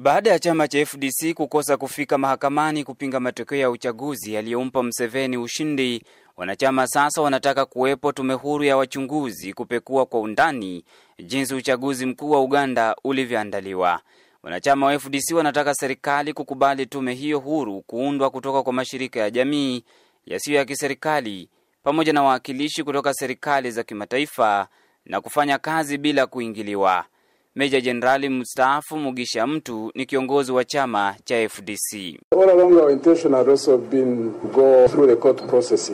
Baada ya chama cha FDC kukosa kufika mahakamani kupinga matokeo ya uchaguzi yaliyompa Mseveni ushindi, wanachama sasa wanataka kuwepo tume huru ya wachunguzi kupekua kwa undani jinsi uchaguzi mkuu wa Uganda ulivyoandaliwa. Wanachama wa FDC wanataka serikali kukubali tume hiyo huru kuundwa kutoka kwa mashirika ya jamii yasiyo ya kiserikali pamoja na wawakilishi kutoka serikali za kimataifa na kufanya kazi bila kuingiliwa. Meja Jenerali mstaafu Mugisha Mtu ni kiongozi wa chama cha FDC.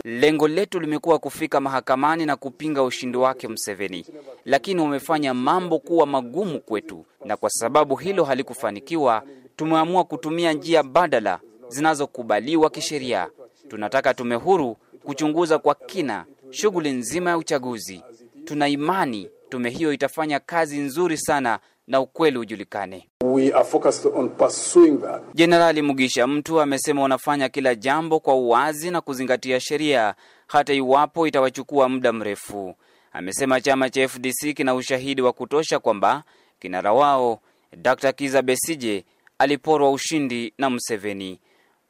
Lengo letu limekuwa kufika mahakamani na kupinga ushindi wake Museveni, lakini wamefanya mambo kuwa magumu kwetu, na kwa sababu hilo halikufanikiwa, tumeamua kutumia njia badala zinazokubaliwa kisheria. Tunataka tume huru kuchunguza kwa kina shughuli nzima ya uchaguzi. Tuna imani tume hiyo itafanya kazi nzuri sana na ukweli ujulikane. Jenerali Mugisha Mtu amesema wanafanya kila jambo kwa uwazi na kuzingatia sheria hata iwapo itawachukua muda mrefu. Amesema chama cha FDC kina ushahidi wa kutosha kwamba kinara wao Dr. Kiza Besije aliporwa ushindi na Museveni.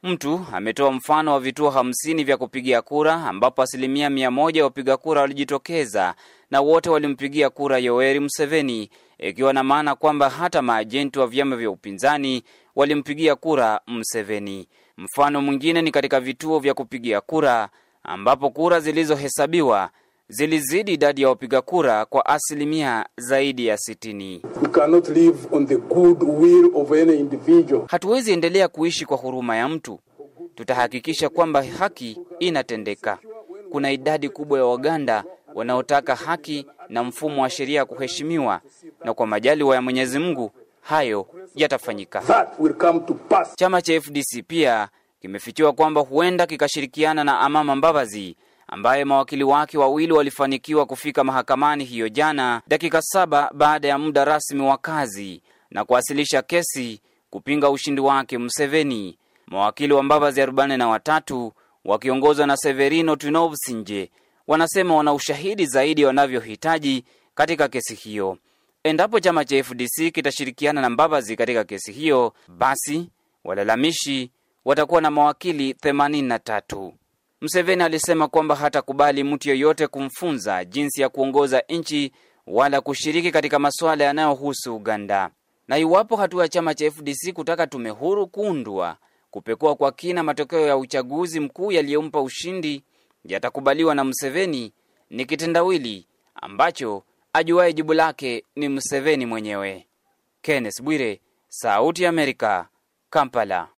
Mtu ametoa mfano wa vituo hamsini vya kupigia kura ambapo asilimia mia moja wapiga kura walijitokeza na wote walimpigia kura Yoweri Museveni, ikiwa na maana kwamba hata maajenti wa vyama vya upinzani walimpigia kura Museveni. Mfano mwingine ni katika vituo vya kupigia kura ambapo kura zilizohesabiwa zilizidi idadi ya wapiga kura kwa asilimia zaidi ya sitini. Hatuwezi endelea kuishi kwa huruma ya mtu, tutahakikisha kwamba haki inatendeka. Kuna idadi kubwa ya Waganda wanaotaka haki na mfumo wa sheria kuheshimiwa, na kwa majaliwa ya Mwenyezi Mungu hayo yatafanyika. Chama cha FDC pia kimefichua kwamba huenda kikashirikiana na Amama Mbabazi ambaye mawakili wake wawili walifanikiwa kufika mahakamani hiyo jana, dakika saba baada ya muda rasmi wa kazi na kuwasilisha kesi kupinga ushindi wake Museveni. Mawakili wa Mbabazi 43 wakiongozwa na Severino Tunovsinje wanasema wana ushahidi zaidi wanavyohitaji katika kesi hiyo. Endapo chama cha FDC kitashirikiana na Mbabazi katika kesi hiyo, basi walalamishi watakuwa na mawakili 83 mseveni alisema kwamba hatakubali mtu yeyote kumfunza jinsi ya kuongoza nchi wala kushiriki katika masuala yanayohusu Uganda. Na iwapo hatua ya chama cha FDC kutaka tume huru kuundwa kupekua kwa kina matokeo ya uchaguzi mkuu yaliyompa ushindi yatakubaliwa na mseveni ni kitendawili ambacho ajuaye jibu lake ni mseveni mwenyewe. Kenneth Bwire, Sauti ya Amerika, Kampala.